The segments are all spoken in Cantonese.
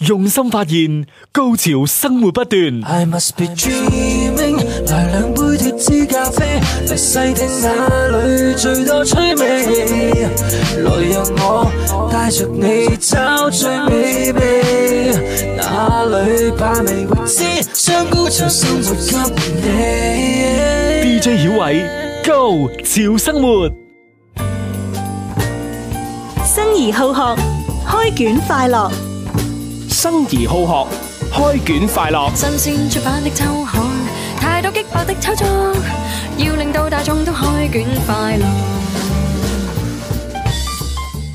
用心發現，高潮生活不斷。I must be dreaming，來兩杯脫脂咖啡，嚟細聽哪裏最多趣味。來讓我帶着你找最美味，哪裏把味未知，將高潮生活給你。DJ 小偉，Go 潮生活，生而好學，開卷快樂。生而好學，開卷快樂。新鮮出版的周刊，太多激爆的抽作，要令到大眾都開卷快樂。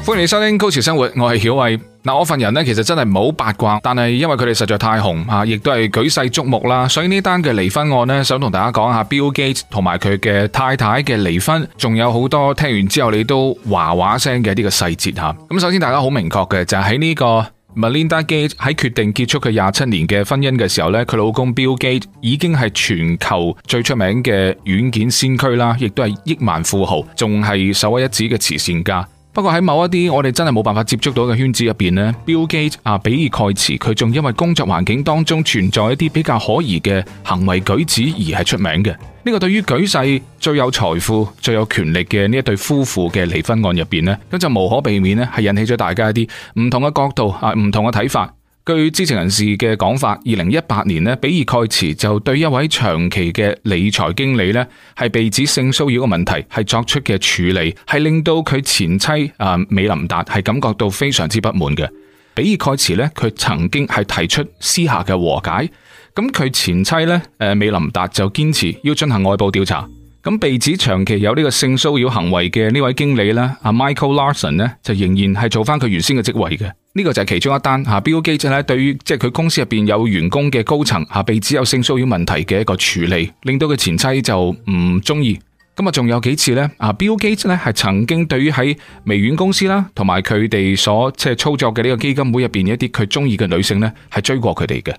歡迎你收聽《高潮生活》，我曉，我係曉慧。嗱，我份人呢，其實真係唔好八卦，但係因為佢哋實在太紅啊，亦都係舉世矚目啦，所以呢單嘅離婚案呢，想同大家講下 Bill Gates 同埋佢嘅太太嘅離婚，仲有好多聽完之後你都話話聲嘅呢個細節吓。咁、啊、首先大家好明確嘅就係喺呢個。Melinda Gates 喺決定結束佢廿七年嘅婚姻嘅時候咧，佢老公 Bill Gates 已經係全球最出名嘅軟件先驅啦，亦都係億萬富豪，仲係首屈一指嘅慈善家。不過喺某一啲我哋真係冇辦法接觸到嘅圈子入邊咧，Bill Gates 啊，比爾蓋茨佢仲因為工作環境當中存在一啲比較可疑嘅行為舉止而係出名嘅。呢個對於舉世最有財富、最有權力嘅呢一對夫婦嘅離婚案入邊呢，咁就無可避免呢係引起咗大家一啲唔同嘅角度啊，唔同嘅睇法。據知情人士嘅講法，二零一八年呢，比爾蓋茨就對一位長期嘅理財經理呢，係被指性騷擾嘅問題係作出嘅處理，係令到佢前妻啊美琳達係感覺到非常之不滿嘅。比爾蓋茨呢，佢曾經係提出私下嘅和解，咁佢前妻呢，誒美琳達就堅持要進行外部調查。咁被指長期有呢個性騷擾行為嘅呢位經理啦，阿 Michael Larson 呢，就仍然係做翻佢原先嘅職位嘅。呢個就係其中一單吓 Bill Gates 呢，對於即係佢公司入邊有員工嘅高層吓被指有性騷擾問題嘅一個處理，令到佢前妻就唔中意。咁啊，仲有幾次呢啊 Bill Gates 呢，係曾經對於喺微軟公司啦，同埋佢哋所即係操作嘅呢個基金會入邊一啲佢中意嘅女性呢，係追過佢哋嘅。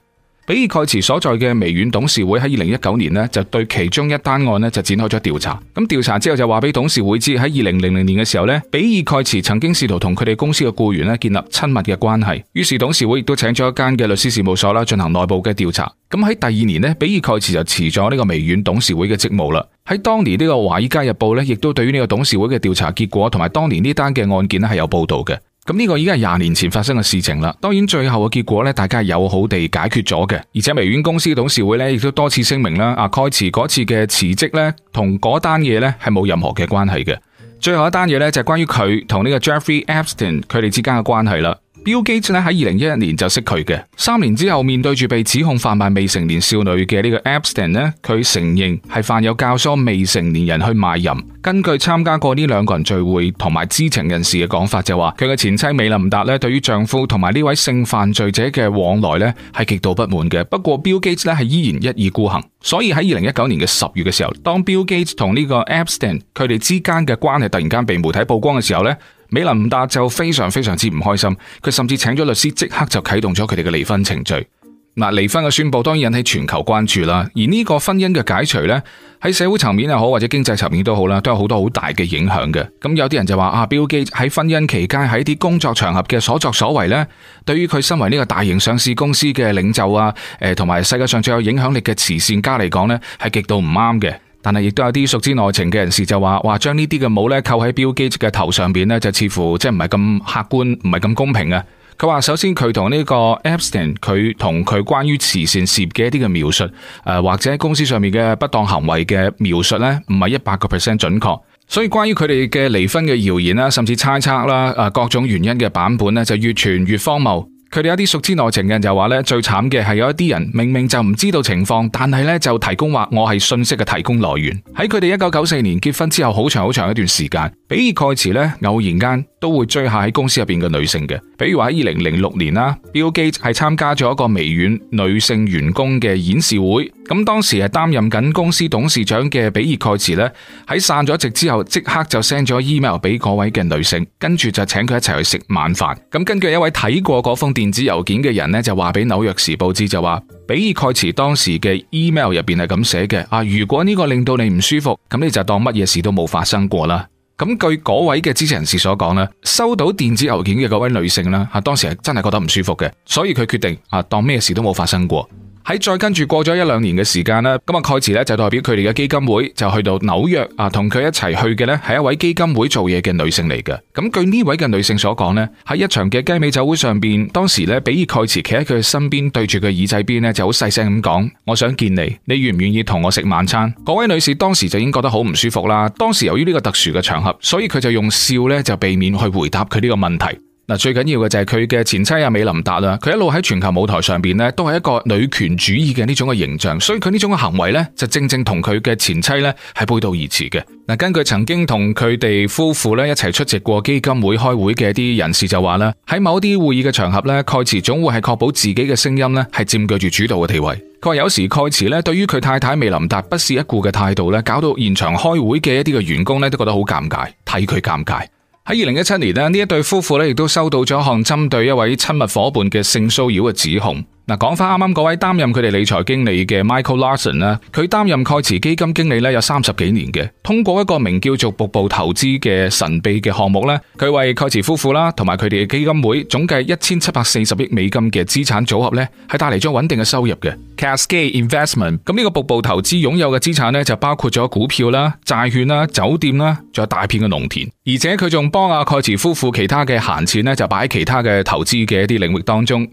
比爾蓋茨所在嘅微軟董事會喺二零一九年呢，就對其中一單案呢，就展開咗調查。咁調查之後就話俾董事會知喺二零零零年嘅時候呢，比爾蓋茨曾經試圖同佢哋公司嘅僱員呢，建立親密嘅關係。於是董事會亦都請咗一間嘅律師事務所啦，進行內部嘅調查。咁喺第二年呢，比爾蓋茨就辭咗呢個微軟董事會嘅職務啦。喺當年呢個華爾街日報呢，亦都對於呢個董事會嘅調查結果同埋當年呢單嘅案件呢，係有報道嘅。咁呢個已經係廿年前發生嘅事情啦。當然最後嘅結果呢，大家係友好地解決咗嘅。而且微軟公司董事會呢，亦都多次聲明啦，阿蓋茨嗰次嘅辭職呢，同嗰單嘢呢係冇任何嘅關係嘅。最後一單嘢呢，就係關於佢同呢個 Jeffrey Epstein 佢哋之間嘅關係啦。Bill Gates 咧喺二零一一年就識佢嘅，三年之後面對住被指控販賣未成年少女嘅呢個 Epstein 咧，佢承認係犯有教唆未成年人去賣淫。根據參加過呢兩個人聚會同埋知情人士嘅講法就話，佢嘅前妻美琳達咧對於丈夫同埋呢位性犯罪者嘅往來咧係極度不滿嘅。不過 Bill Gates 咧係依然一意孤行，所以喺二零一九年嘅十月嘅時候，當 Bill Gates 同呢個 Epstein 佢哋之間嘅關係突然間被媒體曝光嘅時候咧。美林達就非常非常之唔開心，佢甚至請咗律師，即刻就啟動咗佢哋嘅離婚程序。嗱，離婚嘅宣布當然引起全球關注啦，而呢個婚姻嘅解除呢，喺社會層面又好，或者經濟層面都好啦，都有好多好大嘅影響嘅。咁有啲人就話啊，Bill Gates 喺婚姻期間喺啲工作場合嘅所作所為呢，對於佢身為呢個大型上市公司嘅領袖啊，誒，同埋世界上最有影響力嘅慈善家嚟講呢，係極度唔啱嘅。但係，亦都有啲熟知內情嘅人士就話，話，將呢啲嘅帽呢扣喺 Bill Gates 嘅頭上邊呢，就似乎即係唔係咁客觀，唔係咁公平嘅。佢話首先佢同呢個 Epstein 佢同佢關於慈善事業嘅一啲嘅描述誒，或者喺公司上面嘅不當行為嘅描述呢，唔係一百個 percent 準確，所以關於佢哋嘅離婚嘅謠言啦，甚至猜測啦，誒，各種原因嘅版本呢，就越傳越荒謬。佢哋有啲熟知內情嘅人就話咧，最慘嘅係有一啲人明明就唔知道情況，但係咧就提供話我係信息嘅提供來源。喺佢哋一九九四年結婚之後，好長好長一段時間，比爾蓋茨咧偶然間都會追下喺公司入邊嘅女性嘅，比如話喺二零零六年啦，Bill Gates 係參加咗一個微軟女性員工嘅演示會，咁當時係擔任緊公司董事長嘅比爾蓋茨咧，喺散咗席之後，即刻就 send 咗 email 俾嗰位嘅女性，跟住就請佢一齊去食晚飯。咁根據一位睇過嗰封電。電子郵件嘅人咧就話俾紐約時報知就話，比爾蓋茨當時嘅 email 入邊係咁寫嘅，啊如果呢個令到你唔舒服，咁你就當乜嘢事都冇發生過啦。咁據嗰位嘅知情人士所講咧，收到電子郵件嘅嗰位女性啦，吓、啊、當時係真係覺得唔舒服嘅，所以佢決定啊當咩事都冇發生過。喺再跟住過咗一兩年嘅時間呢，咁啊蓋茨呢就代表佢哋嘅基金會就去到紐約啊，同佢一齊去嘅呢係一位基金會做嘢嘅女性嚟嘅。咁據呢位嘅女性所講呢，喺一場嘅雞尾酒會上面，當時呢比爾蓋茨企喺佢身邊對着的，對住佢耳仔邊呢就好細聲咁講，我想見你，你願唔願意同我食晚餐？嗰位女士當時就已經覺得好唔舒服啦。當時由於呢個特殊嘅場合，所以佢就用笑呢就避免去回答佢呢個問題。最緊要嘅就係佢嘅前妻啊，美琳達，佢一路喺全球舞台上邊都係一個女權主義嘅呢種嘅形象，所以佢呢種嘅行為咧，就正正同佢嘅前妻咧係背道而馳嘅。根據曾經同佢哋夫婦咧一齊出席過基金會開會嘅啲人士就話啦，喺某啲會議嘅場合咧，蓋茨總會係確保自己嘅聲音咧係佔據住主導嘅地位。佢話有時蓋茨咧對於佢太太美琳達不屑一顧嘅態度咧，搞到現場開會嘅一啲嘅員工咧都覺得好尷尬，睇佢尷尬。喺二零一七年呢，呢一對夫婦咧，亦都收到咗一項針對一位親密夥伴嘅性騷擾嘅指控。嗱，講翻啱啱嗰位擔任佢哋理財經理嘅 Michael Larson 啦，佢擔任蓋茨基金經理咧有三十幾年嘅，通過一個名叫做瀑布投資嘅神秘嘅項目咧，佢為蓋茨夫婦啦同埋佢哋嘅基金會總計一千七百四十億美金嘅資產組合咧，係帶嚟咗穩定嘅收入嘅 Cascade Investment。咁呢個瀑布投資擁有嘅資產咧就包括咗股票啦、債券啦、酒店啦，仲有大片嘅農田，而且佢仲幫阿蓋茨夫婦其他嘅閒錢咧就擺喺其他嘅投資嘅一啲領域當中。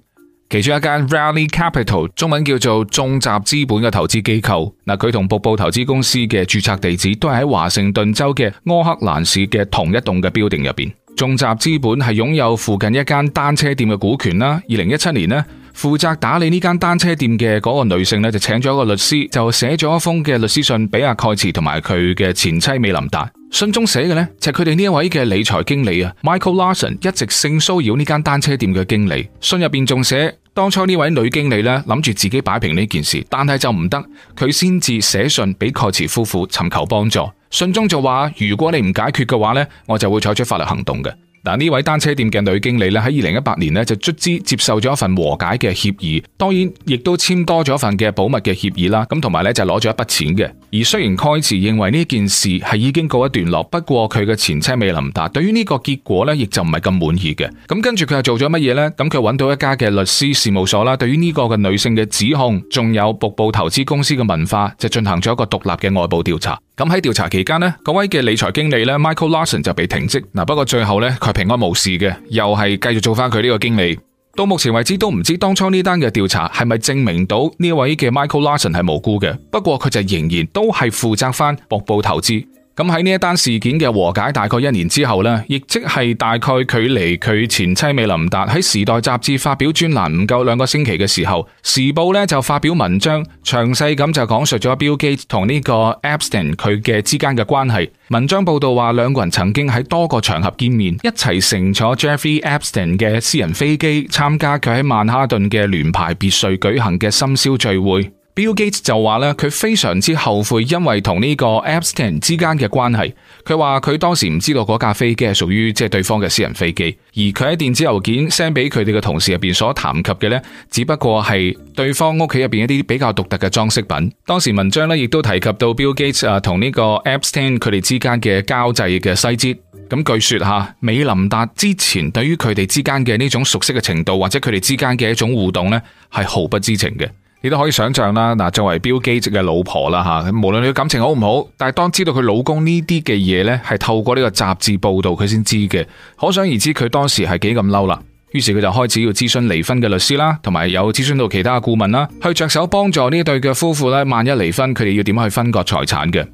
其中一間 Rally Capital，中文叫做眾集資本嘅投資機構，嗱，佢同瀑布投資公司嘅註冊地址都係喺華盛頓州嘅柯克蘭市嘅同一棟嘅標定入面。眾集資本係擁有附近一間單車店嘅股權啦。二零一七年呢？負責打理呢間單車店嘅嗰個女性呢，就請咗一個律師，就寫咗一封嘅律師信俾阿蓋茨同埋佢嘅前妻美琳達。信中寫嘅呢，就係佢哋呢一位嘅理財經理啊，Michael Larson 一直性騷擾呢間單車店嘅經理。信入邊仲寫，當初呢位女經理呢，諗住自己擺平呢件事，但係就唔得，佢先至寫信俾蓋茨夫婦尋求幫助。信中就話：如果你唔解決嘅話呢，我就會採取法律行動嘅。嗱，呢位單車店嘅女經理咧，喺二零一八年就卒之接受咗一份和解嘅協議，當然亦都簽多咗一份嘅保密嘅協議啦，咁同埋咧就攞咗一筆錢嘅。而雖然蓋茨認為呢件事係已經告一段落，不過佢嘅前妻美琳達，對於呢個結果咧，亦就唔係咁滿意嘅。咁跟住佢係做咗乜嘢咧？咁佢揾到一家嘅律師事務所啦。對於呢個嘅女性嘅指控，仲有瀑布投資公司嘅文化，就進行咗一個獨立嘅外部調查。咁喺調查期間咧，嗰位嘅理財經理咧 Michael Larson 就被停職。不過最後咧，佢平安無事嘅，又係繼續做翻佢呢個經理。到目前為止都唔知當初呢單嘅調查係咪證明到呢位嘅 Michael Larson 係無辜嘅，不過佢就仍然都係負責翻瀑布投資。咁喺呢一單事件嘅和解大概一年之後呢，亦即係大概距離佢前妻美琳達喺《時代》雜誌發表專欄唔夠兩個星期嘅時候，《時報》呢就發表文章，詳細咁就講述咗 Bill Gates 同呢個 Epstein 佢嘅之間嘅關係。文章報道話，兩個人曾經喺多個場合見面，一齊乘坐 Jeffrey Epstein 嘅私人飛機，參加佢喺曼哈頓嘅聯排別墅舉行嘅深宵聚會。Bill Gates 就話咧，佢非常之後悔，因為同呢個 Epstein 之間嘅關係。佢話佢當時唔知道嗰架飛機係屬於即係對方嘅私人飛機，而佢喺電子郵件 send 俾佢哋嘅同事入邊所談及嘅呢，只不過係對方屋企入邊一啲比較獨特嘅裝飾品。當時文章呢，亦都提及到 Bill Gates 啊同呢個 Epstein 佢哋之間嘅交際嘅細節。咁據說吓，美林達之前對於佢哋之間嘅呢種熟悉嘅程度，或者佢哋之間嘅一種互動呢，係毫不知情嘅。你都可以想象啦，嗱，作為標機籍嘅老婆啦吓，無論你感情好唔好，但係當知道佢老公呢啲嘅嘢呢，係透過呢個雜誌報道佢先知嘅，可想而知佢當時係幾咁嬲啦。於是佢就開始要諮詢離婚嘅律師啦，同埋有諮詢到其他顧問啦，去着手幫助呢對嘅夫婦咧，萬一離婚佢哋要點去分割財產嘅。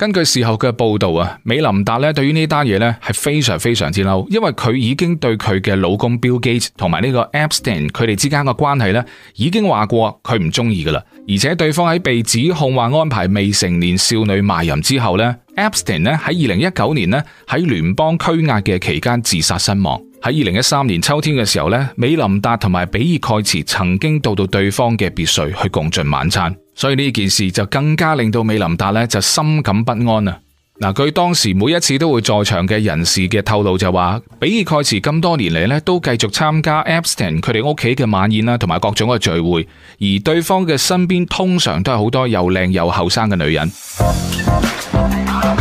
根據事後嘅報道啊，美林達咧對於呢單嘢咧係非常非常之嬲，因為佢已經對佢嘅老公 Bill Gates 同埋呢個 Epstein 佢哋之間嘅關係咧已經話過佢唔中意噶啦，而且對方喺被指控話安排未成年少女賣淫之後咧，Epstein 咧喺二零一九年咧喺聯邦拘押嘅期間自殺身亡。喺二零一三年秋天嘅時候咧，美林達同埋比爾蓋茨曾經到到對方嘅別墅去共進晚餐。所以呢件事就更加令到美林達呢就深感不安啊！嗱，據當時每一次都會在場嘅人士嘅透露就話，比爾蓋茨咁多年嚟，呢都繼續參加 Epstein 佢哋屋企嘅晚宴啦，同埋各種嘅聚會，而對方嘅身邊通常都係好多又靚又後生嘅女人。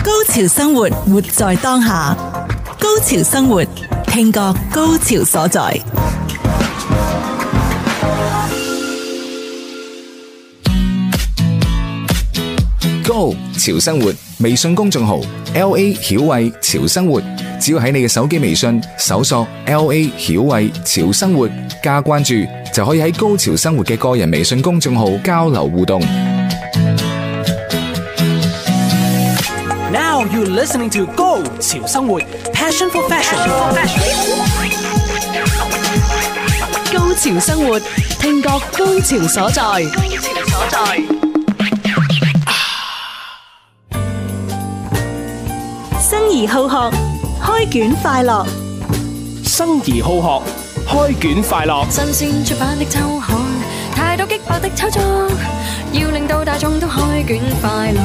高潮生活，活在當下。高潮生活，聽覺高潮所在。高潮生活微信公眾號 L A 曉慧潮生活，只要喺你嘅手機微信搜索 L A 曉慧潮生活加關注，就可以喺高潮生活嘅個人微信公眾號交流互動。Now you're listening to 高潮生活，Passion for Fashion。高潮生活，聽覺高潮所在。高潮所在。生而好學，開卷快樂。生而好學，開卷快樂。新鮮出版的周刊，太多激爆的炒作，要令到大眾都開卷快樂。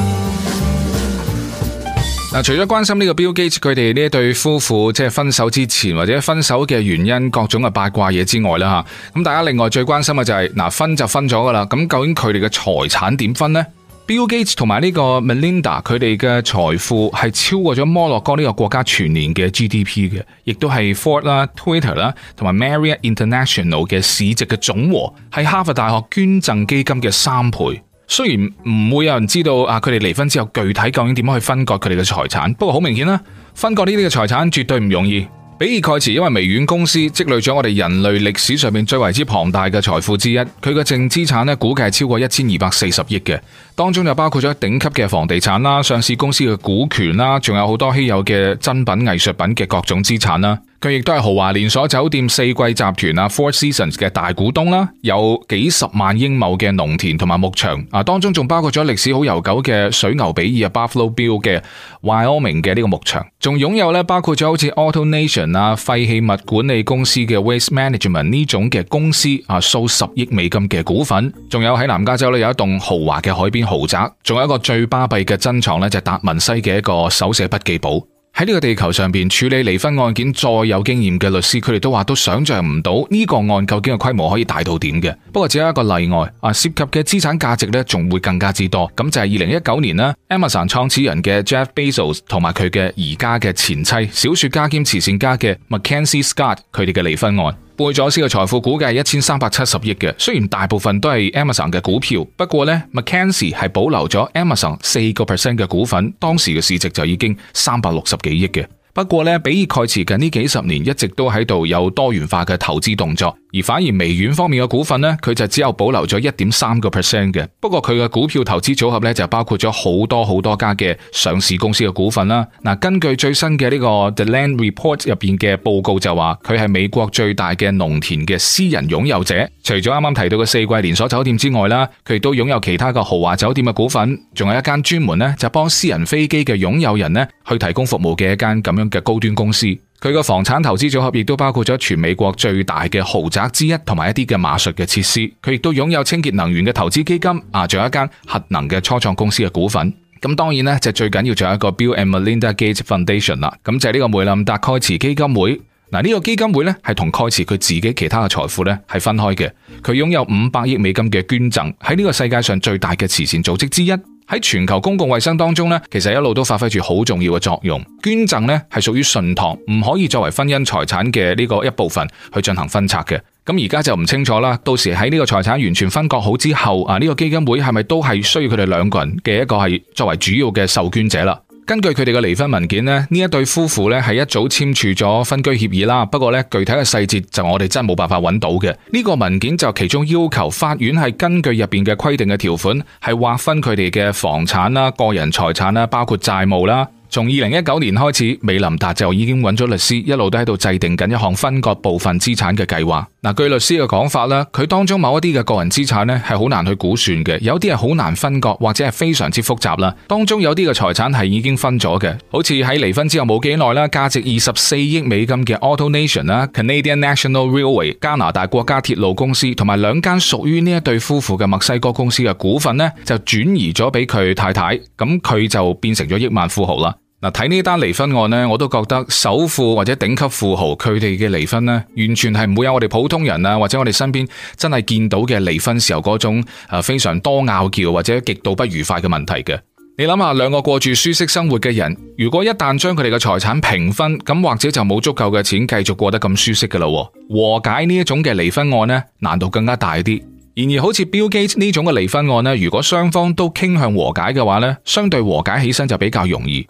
嗱，除咗關心呢個 Bill Gates，佢哋呢一對夫婦即係分手之前或者分手嘅原因，各種嘅八卦嘢之外啦，吓，咁大家另外最關心嘅就係、是、嗱，分就分咗噶啦，咁究竟佢哋嘅財產點分呢？Bill Gates 同埋呢個 Melinda 佢哋嘅財富係超過咗摩洛哥呢個國家全年嘅 GDP 嘅，亦都係 Ford 啦、Twitter 啦同埋 Marriott International 嘅市值嘅總和，係哈佛大學捐贈基金嘅三倍。雖然唔會有人知道啊，佢哋離婚之後具體究竟點樣去分割佢哋嘅財產，不過好明顯啦，分割呢啲嘅財產絕對唔容易。比爾蓋茨因為微軟公司積累咗我哋人類歷史上面最為之龐大嘅財富之一，佢嘅淨資產咧估計係超過一千二百四十億嘅，當中就包括咗頂級嘅房地產啦、上市公司嘅股權啦，仲有好多稀有嘅真品藝術品嘅各種資產啦。佢亦都係豪華連鎖酒店四季集團啊 Four Seasons 嘅大股東啦，有幾十萬英畝嘅農田同埋牧場啊，當中仲包括咗歷史好悠久嘅水牛比爾啊 Buffalo Bill 嘅 Wyoming 嘅呢個牧場，仲擁有咧包括咗好似 Auto Nation 啊廢棄物管理公司嘅 Waste Management 呢種嘅公司啊數十億美金嘅股份，仲有喺南加州咧有一棟豪華嘅海邊豪宅，仲有一個最巴閉嘅珍藏咧就係達文西嘅一個手寫筆記簿。喺呢個地球上邊處理離婚案件，再有經驗嘅律師，佢哋都話都想象唔到呢個案件究竟嘅規模可以大到點嘅。不過只有一個例外，涉及嘅資產價值咧，仲會更加之多。咁就係二零一九年啦，Amazon 創始人嘅 Jeff Bezos 同埋佢嘅而家嘅前妻，小說家兼慈善家嘅 McKenzie Scott，佢哋嘅離婚案。貝佐斯嘅財富估計係一千三百七十億嘅，雖然大部分都係 Amazon 嘅股票，不過呢 MacKenzie 係保留咗 Amazon 四個 percent 嘅股份，當時嘅市值就已經三百六十幾億嘅。不過呢，比爾蓋茨近呢幾十年一直都喺度有多元化嘅投資動作。而反而微軟方面嘅股份呢，佢就只有保留咗一點三個 percent 嘅。不過佢嘅股票投資組合咧就包括咗好多好多家嘅上市公司嘅股份啦。嗱，根據最新嘅呢個 The Land Report 入邊嘅報告就話，佢係美國最大嘅農田嘅私人擁有者。除咗啱啱提到嘅四季連鎖酒店之外啦，佢亦都擁有其他嘅豪華酒店嘅股份，仲有一間專門咧就幫私人飛機嘅擁有人咧去提供服務嘅一間咁樣嘅高端公司。佢個房產投資組合亦都包括咗全美國最大嘅豪宅之一，同埋一啲嘅馬術嘅設施。佢亦都擁有清潔能源嘅投資基金，啊，仲有一間核能嘅初創公司嘅股份。咁當然呢，就是、最緊要仲有一個 Bill and Melinda Gates Foundation 啦。咁就係呢個梅林達蓋茨基金會。嗱、這、呢個基金會呢係同蓋茨佢自己其他嘅財富呢係分開嘅。佢擁有五百億美金嘅捐贈，喺呢個世界上最大嘅慈善組織之一。喺全球公共衛生當中呢，其實一路都發揮住好重要嘅作用。捐贈呢，係屬於信託，唔可以作為婚姻財產嘅呢個一部分去進行分拆嘅。咁而家就唔清楚啦。到時喺呢個財產完全分割好之後，啊、這、呢個基金會係咪都係需要佢哋兩個人嘅一個係作為主要嘅受捐者啦？根據佢哋嘅離婚文件咧，呢一對夫婦咧係一早簽署咗分居協議啦。不過咧，具體嘅細節就我哋真係冇辦法揾到嘅。呢個文件就其中要求法院係根據入面嘅規定嘅條款，係劃分佢哋嘅房產啦、個人財產啦，包括債務啦。從二零一九年開始，美林達就已經揾咗律師，一路都喺度制定緊一項分割部分資產嘅計劃。嗱，據律師嘅講法咧，佢當中某一啲嘅個人資產咧係好難去估算嘅，有啲係好難分割或者係非常之複雜啦。當中有啲嘅財產係已經分咗嘅，好似喺離婚之後冇幾耐啦，價值二十四億美金嘅 AutoNation、Canadian National Railway 加拿大國家鐵路公司同埋兩間屬於呢一對夫婦嘅墨西哥公司嘅股份咧，就轉移咗俾佢太太，咁佢就變成咗億萬富豪啦。睇呢單離婚案咧，我都覺得首富或者頂級富豪佢哋嘅離婚咧，完全係唔會有我哋普通人啊，或者我哋身邊真係見到嘅離婚時候嗰種誒非常多拗撬或者極度不愉快嘅問題嘅。你諗下，兩個過住舒適生活嘅人，如果一旦將佢哋嘅財產平分，咁或者就冇足夠嘅錢繼續過得咁舒適噶啦。和解呢一種嘅離婚案咧，難度更加大啲。然而，好似 Bill Gates 呢種嘅離婚案咧，如果雙方都傾向和解嘅話呢，相對和解起身就比較容易。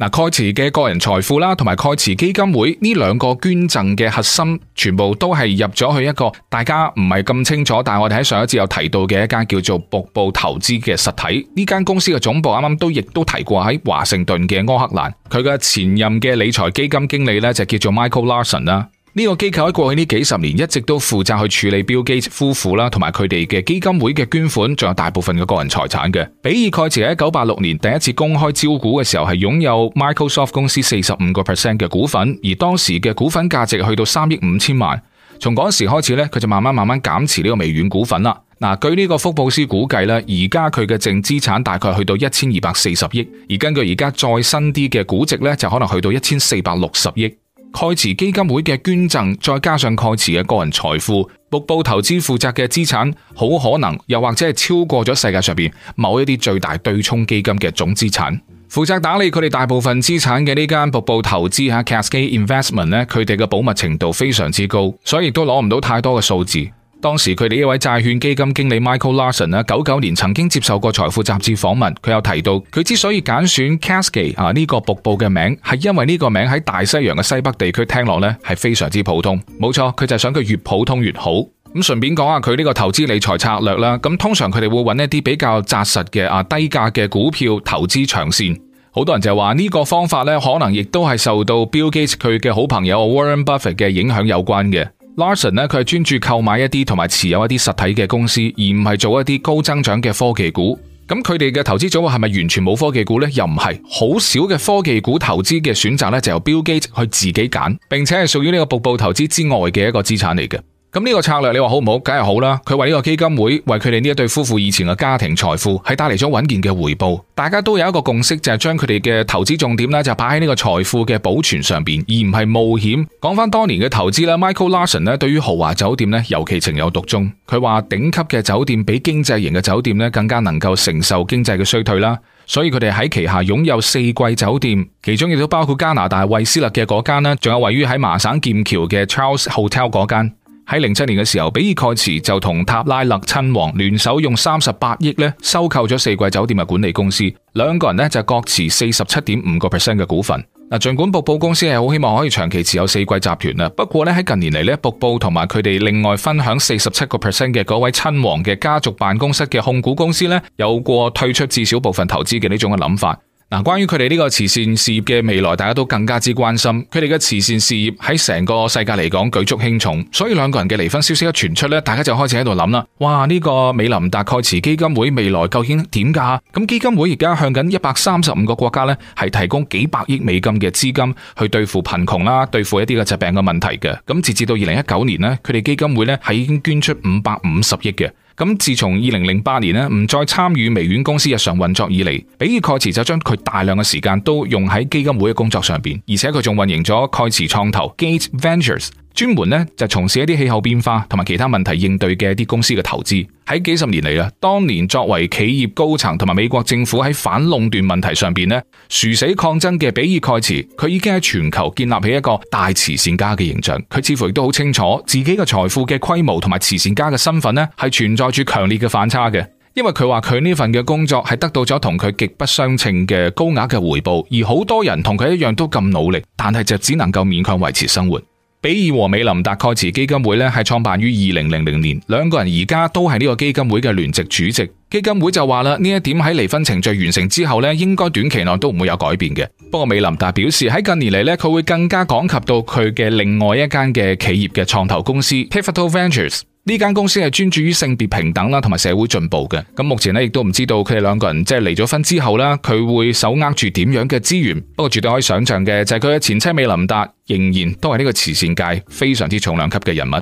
嗱，蓋茨嘅個人財富啦，同埋蓋茨基金會呢兩個捐贈嘅核心，全部都係入咗去一個大家唔係咁清楚，但係我哋喺上一節有提到嘅一間叫做瀑布投資嘅實體，呢間公司嘅總部啱啱都亦都提過喺華盛頓嘅柯克蘭，佢嘅前任嘅理財基金經理咧就叫做 Michael Larson 啦。呢個機構喺過去呢幾十年一直都負責去處理 Bill Gates 夫婦啦，同埋佢哋嘅基金會嘅捐款，仲有大部分嘅個人財產嘅。比爾蓋茨喺一九八六年第一次公開招股嘅時候，係擁有 Microsoft 公司四十五個 percent 嘅股份，而當時嘅股份價值去到三億五千萬。從嗰時開始呢，佢就慢慢慢慢減持呢個微軟股份啦。嗱，據呢個福布斯估計呢，而家佢嘅淨資產大概去到一千二百四十億，而根據而家再新啲嘅估值呢，就可能去到一千四百六十億。蓋茨基金會嘅捐贈，再加上蓋茨嘅個人財富，瀑布投資負責嘅資產，好可能又或者係超過咗世界上邊某一啲最大對沖基金嘅總資產。負責打理佢哋大部分資產嘅呢間瀑布投資吓 Cascade Investment 咧，佢哋嘅保密程度非常之高，所以亦都攞唔到太多嘅數字。當時佢哋呢位債券基金經理 Michael Larson 咧，九九年曾經接受過《財富》雜誌訪問，佢又提到，佢之所以揀選 Cascade 啊呢個瀑布嘅名，係因為呢個名喺大西洋嘅西北地區聽落呢係非常之普通。冇錯，佢就係想佢越普通越好。咁順便講下佢呢個投資理財策略啦。咁通常佢哋會揾一啲比較紮實嘅啊低價嘅股票投資長線。好多人就話呢個方法呢可能亦都係受到 Bill Gates 佢嘅好朋友 Warren Buffett 嘅影響有關嘅。Larson 呢，佢係專注購買一啲同埋持有一啲實體嘅公司，而唔係做一啲高增長嘅科技股。咁佢哋嘅投資組合係咪完全冇科技股呢？又唔係好少嘅科技股投資嘅選擇呢，就由 Bill Gates 去自己揀，並且係屬於呢個瀑布投資之外嘅一個資產嚟嘅。咁呢個策略你話好唔好？梗係好啦。佢為呢個基金會為佢哋呢一對夫婦以前嘅家庭財富係帶嚟咗穩健嘅回報。大家都有一個共識，就係、是、將佢哋嘅投資重點咧就擺喺呢個財富嘅保存上邊，而唔係冒險。講翻當年嘅投資咧，Michael Larson 咧對於豪華酒店咧尤其情有獨鍾。佢話頂級嘅酒店比經濟型嘅酒店咧更加能夠承受經濟嘅衰退啦。所以佢哋喺旗下擁有四季酒店，其中亦都包括加拿大惠斯勒嘅嗰間啦，仲有位於喺麻省劍橋嘅 Charles Hotel 嗰間。喺零七年嘅時候，比爾蓋茨就同塔拉勒親王聯手，用三十八億收購咗四季酒店嘅管理公司。兩個人咧就各持四十七點五個 percent 嘅股份。嗱，盡管瀑布公司係好希望可以長期持有四季集團啊，不過咧喺近年嚟咧，瀑布同埋佢哋另外分享四十七個 percent 嘅嗰位親王嘅家族辦公室嘅控股公司咧，有過退出至少部分投資嘅呢種嘅諗法。嗱，關於佢哋呢個慈善事業嘅未來，大家都更加之關心。佢哋嘅慈善事業喺成個世界嚟講舉足輕重，所以兩個人嘅離婚消息一傳出咧，大家就開始喺度諗啦。哇，呢個美林達蓋茨基金會未來究竟點噶？咁基金會而家向緊一百三十五個國家咧係提供幾百億美金嘅資金去對付貧窮啦，對付一啲嘅疾病嘅問題嘅。咁直至到二零一九年咧，佢哋基金會咧係已經捐出五百五十億嘅。咁自從二零零八年呢，唔再參與微軟公司日常運作以嚟，比爾蓋茨就將佢大量嘅時間都用喺基金會嘅工作上邊，而且佢仲運營咗蓋茨創投 Gate Ventures。專門咧就從事一啲氣候變化同埋其他問題應對嘅一啲公司嘅投資，喺幾十年嚟啦。當年作為企業高層同埋美國政府喺反壟斷問題上邊咧，殊死抗爭嘅比爾蓋茨，佢已經喺全球建立起一個大慈善家嘅形象。佢似乎亦都好清楚自己嘅財富嘅規模同埋慈善家嘅身份咧，係存在住強烈嘅反差嘅。因為佢話佢呢份嘅工作係得到咗同佢極不相稱嘅高額嘅回報，而好多人同佢一樣都咁努力，但係就只能夠勉強維持生活。比爾和美琳達蓋茨基金會咧係創辦於二零零零年，兩個人而家都係呢個基金會嘅聯席主席。基金會就話啦，呢一點喺離婚程序完成之後咧，應該短期內都唔會有改變嘅。不過美琳達表示喺近年嚟咧，佢會更加講及到佢嘅另外一間嘅企業嘅創投公司 Pivotal Ventures。呢間公司係專注於性別平等啦，同埋社會進步嘅。咁目前咧，亦都唔知道佢哋兩個人即係離咗婚之後咧，佢會手握住點樣嘅資源。不過絕對可以想象嘅就係佢嘅前妻美琳達仍然都係呢個慈善界非常之重量級嘅人物。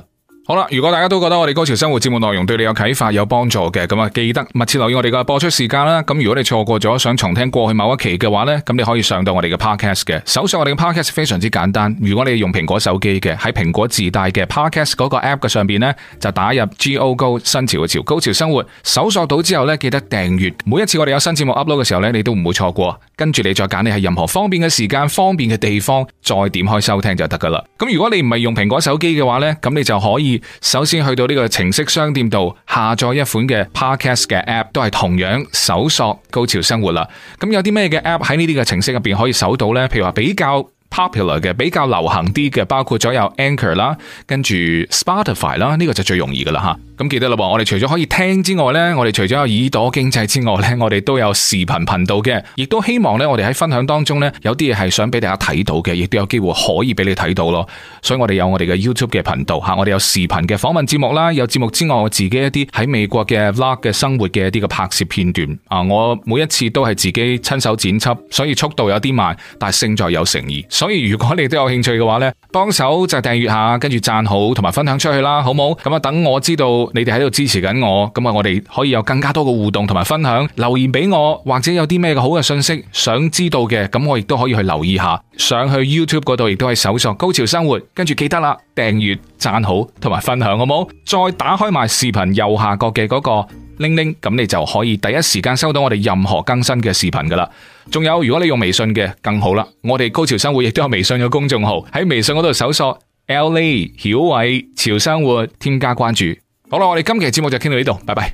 好啦，如果大家都覺得我哋《高潮生活》節目內容對你有啟發、有幫助嘅，咁啊記得密切留意我哋嘅播出時間啦。咁如果你錯過咗，想重聽過去某一期嘅話呢，咁你可以上到我哋嘅 Podcast 嘅。搜索我哋嘅 Podcast 非常之簡單。如果你用蘋果手機嘅，喺蘋果自帶嘅 Podcast 嗰個 App 嘅上邊呢，就打入 Go Go 新潮潮高潮生活，搜索到之後呢，記得訂閱。每一次我哋有新節目 upload 嘅時候呢，你都唔會錯過。跟住你再揀你喺任何方便嘅時間、方便嘅地方，再點開收聽就得噶啦。咁如果你唔係用蘋果手機嘅話呢，咁你就可以。首先去到呢個程式商店度下載一款嘅 Podcast 嘅 App，都係同樣搜索高潮生活啦。咁有啲咩嘅 App 喺呢啲嘅程式入邊可以搜到呢？譬如話比較 popular 嘅比較流行啲嘅，包括咗有 Anchor 啦，跟住 Spotify 啦，呢、這個就最容易噶啦吓，咁、啊、記得啦，我哋除咗可以聽之外呢，我哋除咗有耳朵經濟之外呢，我哋都有視頻頻道嘅，亦都希望呢，我哋喺分享當中呢，有啲嘢係想俾大家睇到嘅，亦都有機會可以俾你睇到咯。所以我哋有我哋嘅 YouTube 嘅頻道嚇、啊，我哋有視頻嘅訪問節目啦，有節目之外，我自己一啲喺美國嘅 Vlog 嘅生活嘅一啲嘅拍攝片段啊，我每一次都係自己親手剪輯，所以速度有啲慢，但係勝在有誠意。所以如果你都有興趣嘅話呢，幫手就訂閱下，跟住讚好同埋分享出去啦，好冇？咁啊，等我知道你哋喺度支持緊我，咁啊，我哋可以有更加多嘅互動同埋分享，留言俾我，或者有啲咩好嘅信息，想知道嘅，咁我亦都可以去留意下。上去 YouTube 嗰度亦都係搜索高潮生活，跟住記得啦，訂閱、讚好同埋分享，好冇？再打開埋視頻右下角嘅嗰個。鈴鈴，咁你就可以第一時間收到我哋任何更新嘅視頻噶啦。仲有，如果你用微信嘅更好啦，我哋高潮生活亦都有微信嘅公眾號，喺微信嗰度搜索 LA 曉偉潮生活，添加關注。好啦，我哋今期節目就傾到呢度，拜拜。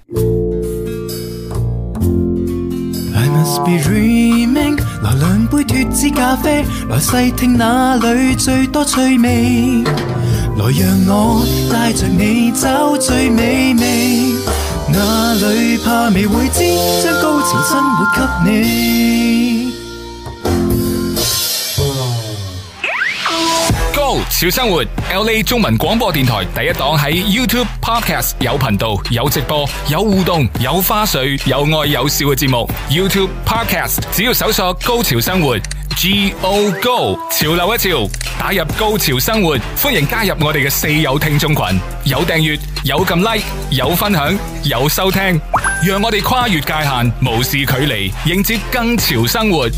哪裏怕未會知，將高潮生活給你。高潮生活，LA 中文廣播電台第一檔喺 YouTube Podcast 有頻道、有直播、有互動、有花絮、有愛有笑嘅節目。YouTube Podcast 只要搜索“高潮生活”。Go Go，潮流一潮，打入高潮生活。歡迎加入我哋嘅四友聽眾群，有訂閱，有撳 Like，有分享，有收聽，讓我哋跨越界限，無視距離，迎接更潮生活。